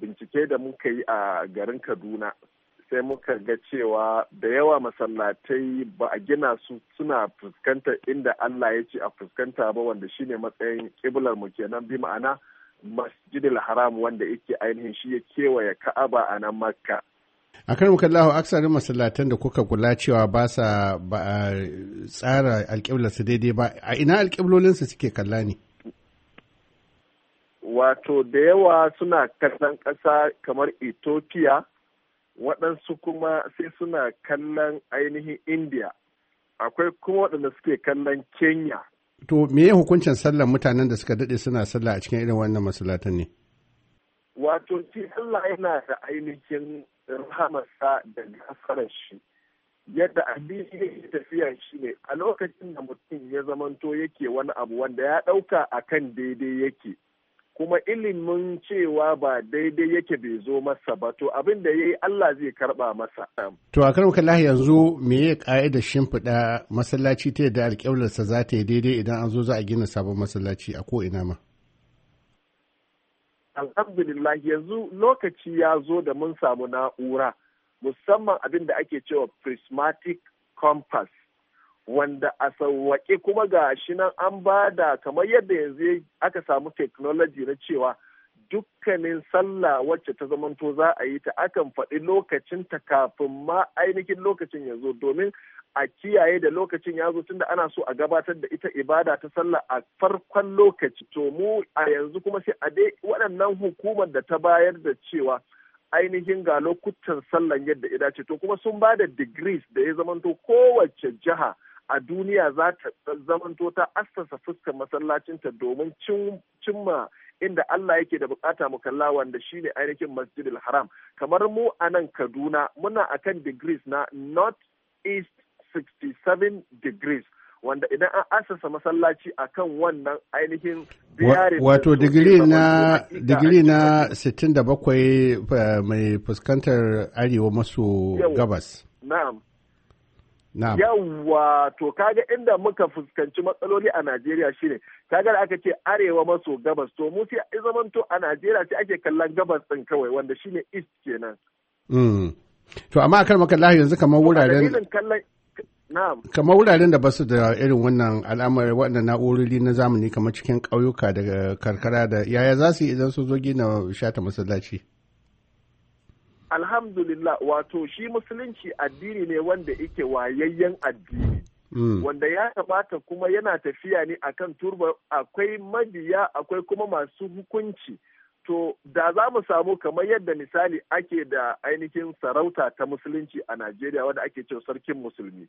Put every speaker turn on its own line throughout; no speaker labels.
bincike da muka yi a garin kaduna sai muka ga cewa da yawa masallatai ba a gina su suna fuskantar inda Allah ya ce a fuskanta ba wanda shine matsayin kiblar mu kenan bi ma'ana masjidil haram wanda yake ainihin shi ya kewaye ka'aba a nan makka
a kan mukallahu aksarin masallatan da kuka kula cewa ba sa ba a daidai ba a ina alƙiblolinsu suke kalla ne
wato da yawa suna kallon ƙasa kamar ethiopia waɗansu kuma sai suna kallon ainihin india akwai kuma waɗanda suke kallon kenya
to me ya hukuncin sallar mutanen da suka daɗe suna sallah a cikin irin wannan masalatan ne
wato shi allah yana da ainihin rahamarsa da gasarar shi yadda addini yake tafiya shi ne a lokacin da mutum ya zamanto yake wani abu wanda ya ɗauka akan daidai yake kuma ilimin cewa ba daidai yake bai zo masa ba to abin da ya yi Allah zai karba masa.
To a karbuka lahi yanzu me ya ka'idar shimfiɗa masallaci ta yadda sa za ta yi daidai idan an zo za a gina sabon masallaci a ko'ina ma?
Alhamdulillah yanzu lokaci ya zo da mun samu na'ura musamman abin da ake cewa prismatic compass wanda a sauwaƙe kuma ga shi nan an ba da kamar yadda yanzu aka samu technology na cewa dukkanin sallah wacce ta zamanto za a yi ta akan faɗi lokacin ta kafin ma ainihin lokacin ya zo domin a kiyaye da lokacin ya zo tunda ana so a gabatar da ita ibada ta sallah a farkon lokaci to mu a yanzu kuma sai a dai waɗannan hukumar da ta bayar da cewa ainihin ga lokutan sallan yadda ya dace to kuma sun ba da degrees da ya zamanto kowace jiha a duniya za ta zamanto ta assasa fuskar masallacinta domin cimma inda Allah yake da bukata mu kalla wanda shine ainihin Masjidil Haram kamar mu a nan Kaduna muna akan degrees na North East 67 degrees wanda idan an asasa masallaci a kan wannan ainihin
wato digiri na digiri na 67 eh, mai fuskantar arewa maso gabas
na'am Yawwa to kaga inda muka fuskanci matsaloli a Najeriya shine kaga da aka ce arewa maso gabas to mu sai zamanto a Najeriya sai ake kallon gabas din kawai wanda shine east kenan.
Mm. To amma akan makallahi yanzu kamar wuraren kamar wuraren da ba su da irin wannan al'amari waɗanda na'urori na zamani kamar cikin ƙauyuka da karkara da yaya za su yi idan su zo gina shata masallaci.
alhamdulillah wato shi musulunci addini ne wanda yake wayayyen addini mm. wanda ya kamata kuma yana tafiya ne akan turba akwai mabiya akwai kuma masu hukunci to da za mu samu kamar yadda misali ake da ainihin sarauta ta musulunci a najeriya wanda ake cewa sarkin musulmi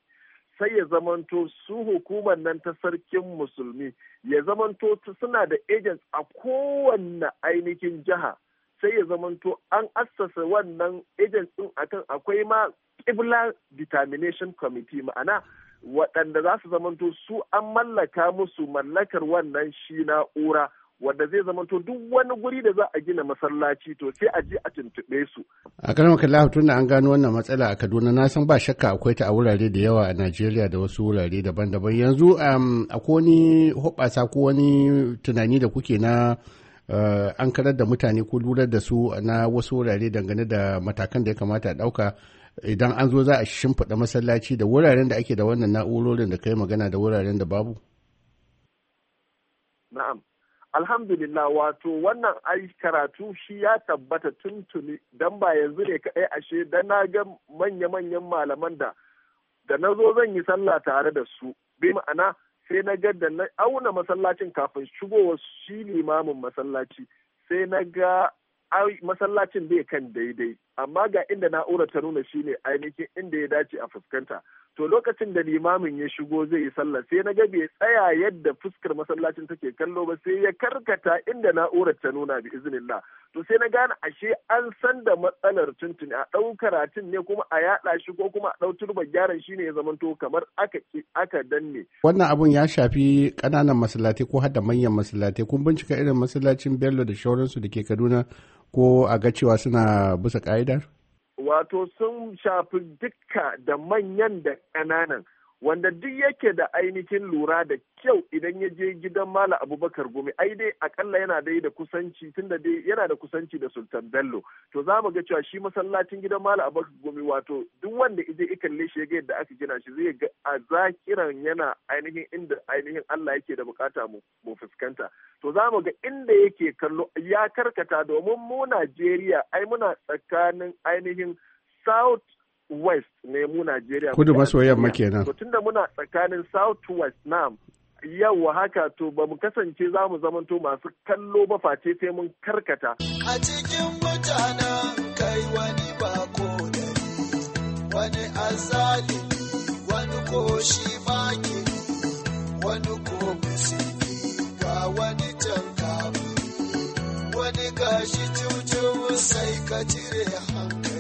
sai ya zamanto su hukumar nan ta sarkin musulmi ya zamanto suna da agents a kowanne ainihin jiha sai ya zamanto an assasa wannan agent din akan akwai ma kibla determination committee ma'ana waɗanda za su zamanto su an mallaka musu mallakar wannan shi na'ura wanda zai zamanto duk wani guri da za a gina masallaci to sai a je a tuntuɓe su.
A kan maka tun da an gano wannan matsala a Kaduna na san ba shakka akwai ta a wurare da yawa a Najeriya da wasu wurare daban-daban yanzu akwai wani hoɓasa ko wani tunani da kuke na an karar da mutane ko lurar da su na wasu wurare dangane da matakan da ya kamata a ɗauka idan an zo za a shimfiɗa masallaci da wuraren da ake da wannan na'urorin da kai magana da wuraren da babu?
Na'am. Alhamdulillah wato wannan ai karatu shi ya tabbata tuntuni dan ba yanzu ne kaɗai ashe dan na ga manya-manyan malaman da da na zo zan yi sallah tare da su. Bi ma'ana sai na ga da na auna masallacin kafin shigowa shi limamin masallaci sai na ga masallacin bai kan daidai amma ga inda na'urar ta nuna shine ainihin inda ya dace a fuskanta to lokacin da limamin ya shigo zai yi sallah sai na ga bai tsaya yadda fuskar masallacin take kallo ba sai ya karkata inda na'urar ta nuna bi iznillah to sai na gane ashe an san da matsalar tuntuni a ɗau karatun ne kuma a yaɗa shi ko kuma a ɗau turban gyaran shi ne ya zamanto kamar aka aka danne.
wannan abun ya shafi ƙananan masallatai ko hada manyan masallatai kun bincika irin masallacin bello da shauransu da ke kaduna ko a ga cewa suna bisa ka'idar?
wato sun shafi dukka da manyan da ƙananan wanda duk yake da ainihin lura da kyau idan ya je gidan Malam Abubakar Gumi ai dai akalla yana dai da kusanci tunda dai yana da kusanci da Sultan Bello to za mu ga cewa shi masallacin gidan Malam Abubakar Gumi wato duk wanda ije ya kalle shi ga yadda aka gina shi zai ga a zakiran yana ainihin inda ainihin Allah yake da bukata mu fuskanta to za mu ga inda yake kallo ya karkata domin mu Najeriya ai muna tsakanin ainihin South west ne mu Najeriya. Kudu maso yamma kenan. To da muna tsakanin south west nam wa haka to ba mu kasance za mu zamanto masu kallo ba face sai mun karkata. A
cikin mutanen kai wani ba ko wani azali
wani ko shi ba wani ko musu ga wani can wani gashi cucu sai ka cire hankali.